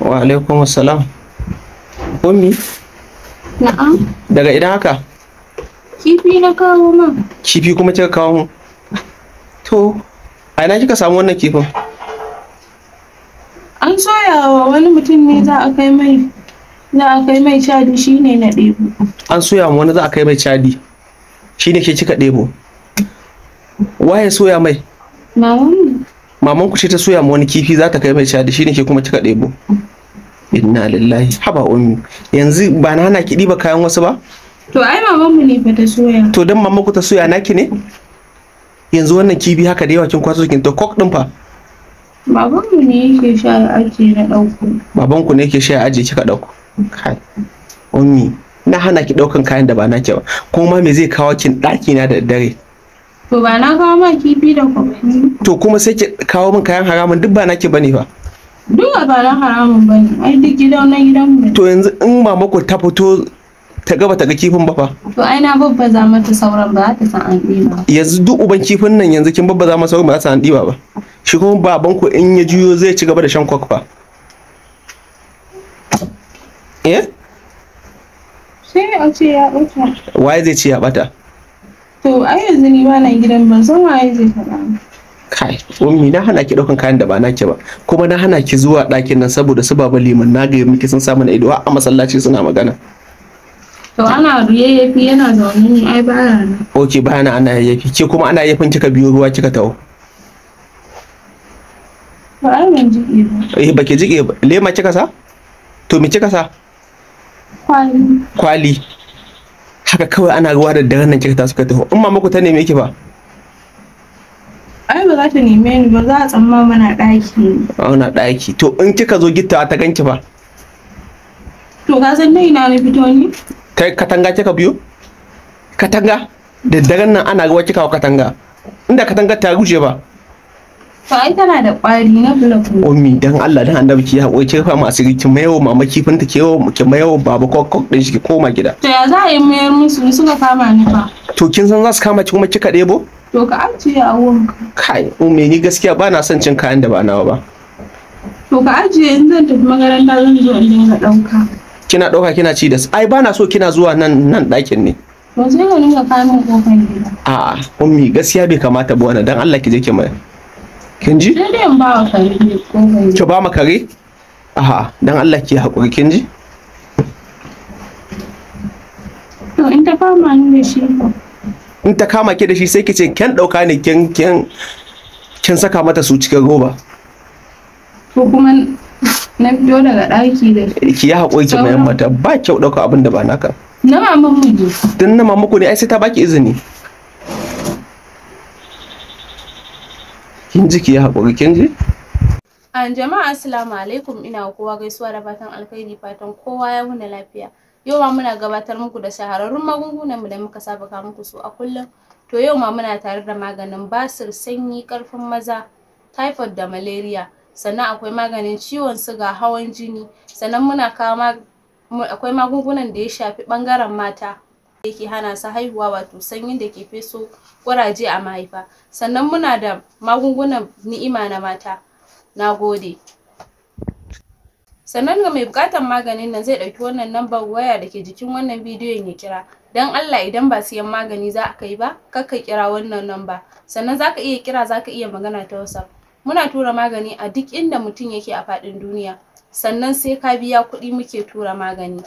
Wa alaikum assalam. Ummi? Na'am. Daga idan haka? Kifi na kawo man. Kifi kuma kika kawo mun? To, a ina kika samu wannan kifin? An soya wa wani mutum ne za a kai mai za a kai mai cadi shine na ɗebo. An soya wa wani za a kai mai cadi shine ke kika ɗebo. Waye soya mai? Maman maman ku ce ta soya wani kifi za ta kai mai cadi shine ke kuma kika ɗebo inna lillahi haba ummi yanzu ba na hana ki ɗiba kayan wasu ba to ai maman mu ne fa ta soya to dan maman ku ta soya naki ne yanzu wannan kifi haka da yawa kin kwaso kin to kok din fa baban mu ne yake sha aji na dauko baban ku ne yake sha aji kika dauko kai ummi na hana ki daukan kayan da ba naki ba kuma me zai kawo kin daki na da dare To ba na kawo ma kifi da kwamfani. To kuma sai ki kawo min kayan haramun duk ba ke bane ba. Duk ba na haramun bane, ai duk gidan na gidan mu. To yanzu in mama ku ta fito ta gaba ta ga kifin ba fa. To ai na babbaza mata sauran ba ta san an ɗiba. Yanzu duk uban kifin nan yanzu kin babbaza masa sauran ba ta san an ɗiba ba. Shi kuma baban ku in ya juyo zai ci gaba da shan fa. Eh? Sai a ce ya ɓata. Waye zai ce ya ɓata? To ai yanzu ni ba na gidan ban san waye zai faɗa mu. Kai, ummi na hana ki ɗaukan kayan da ba naki ba, kuma na hana ki zuwa ɗakin nan saboda su baba liman na ga miki sun samu na ido a masallaci suna magana. To ana yafi yana zaune ne ai baya nan. Ok baya na ana yafi. ke kuma ana yayyafin kika biyo ruwa kika tawo. Ba ai ban jiƙe ba. Eh baki jiƙe ba. Lema kika sa? To me kika sa? Kwali. Kwali. haka kawai ana ruwa da daren nan kirta suka tafi in muku ta neme ki ba ai ba za ta neme ni ba za a tsamma mana ɗaki ana ɗaki to in kika zo gitta ta ganki ba to ka san dai na ne fito ni kai katanga kika biyo katanga da daren nan ana ruwa kika wa katanga inda katanga ta ruje ba To ai tana da ƙwari na block Ummi dan Allah dan annabi ki haƙuri ki rufa masu ki mayo mama kifin ta ki mayo baba kokok din shi ki koma gida. To ya za a yi mayar musu suka kama ni fa. To kin san za su kama ki kuma kika ɗebo? To ka ajiye a wanka. Kai ummi ni gaskiya ba na son cin kayan da ba nawa ba. To ka ajiye in zan tafi makaranta zan zo in dinga ɗauka. Kina ɗauka kina ci da ai ba na so kina zuwa nan nan ɗakin ne. Ba sai ka dinga kamin kofar gida. A'a ummi gaskiya bai kamata ba wannan dan Allah ki je ki mai. kin ji sai dai in ba wa kare ne ko ba ma kare aha dan Allah ki hakuri kin ji to in ta kama ni da shi in ta kama ki da shi sai ki ce kin ɗauka ne kin kin kin saka mata su cikin roba ko kuma na fito daga daki da ki ya haƙuri ki mayan mata ba kyau ɗauka abin da ba naka na mamu ne tun na mamu ne ai sai ta baki izini kin ji ki haƙuri kin an jama'a assalamu alaikum ina kowa gaisuwa da fatan alkhairi fatan kowa ya huna lafiya yau ma muna gabatar muku da shahararrun magungunan mu da muka saba ka muku su a kullum to yau ma muna tare da maganin basir sanyi karfin maza typhoid da malaria sannan akwai maganin ciwon siga hawan jini sannan muna kawo akwai magungunan da ya shafi ɓangaren mata da yake hana su haihuwa wato sanyin da ke feso ƙuraje a mahaifa sannan muna da magungunan ni'ima na mata na gode sannan ga mai buƙatar maganin nan zai ɗauki wannan lambar waya da ke jikin wannan bidiyon ya kira don Allah idan ba siyan magani za ka yi ba kar ka kira wannan lamba sannan za ka iya kira za ka iya magana ta WhatsApp muna tura magani a duk inda mutum yake a faɗin duniya sannan sai ka biya kuɗi muke tura magani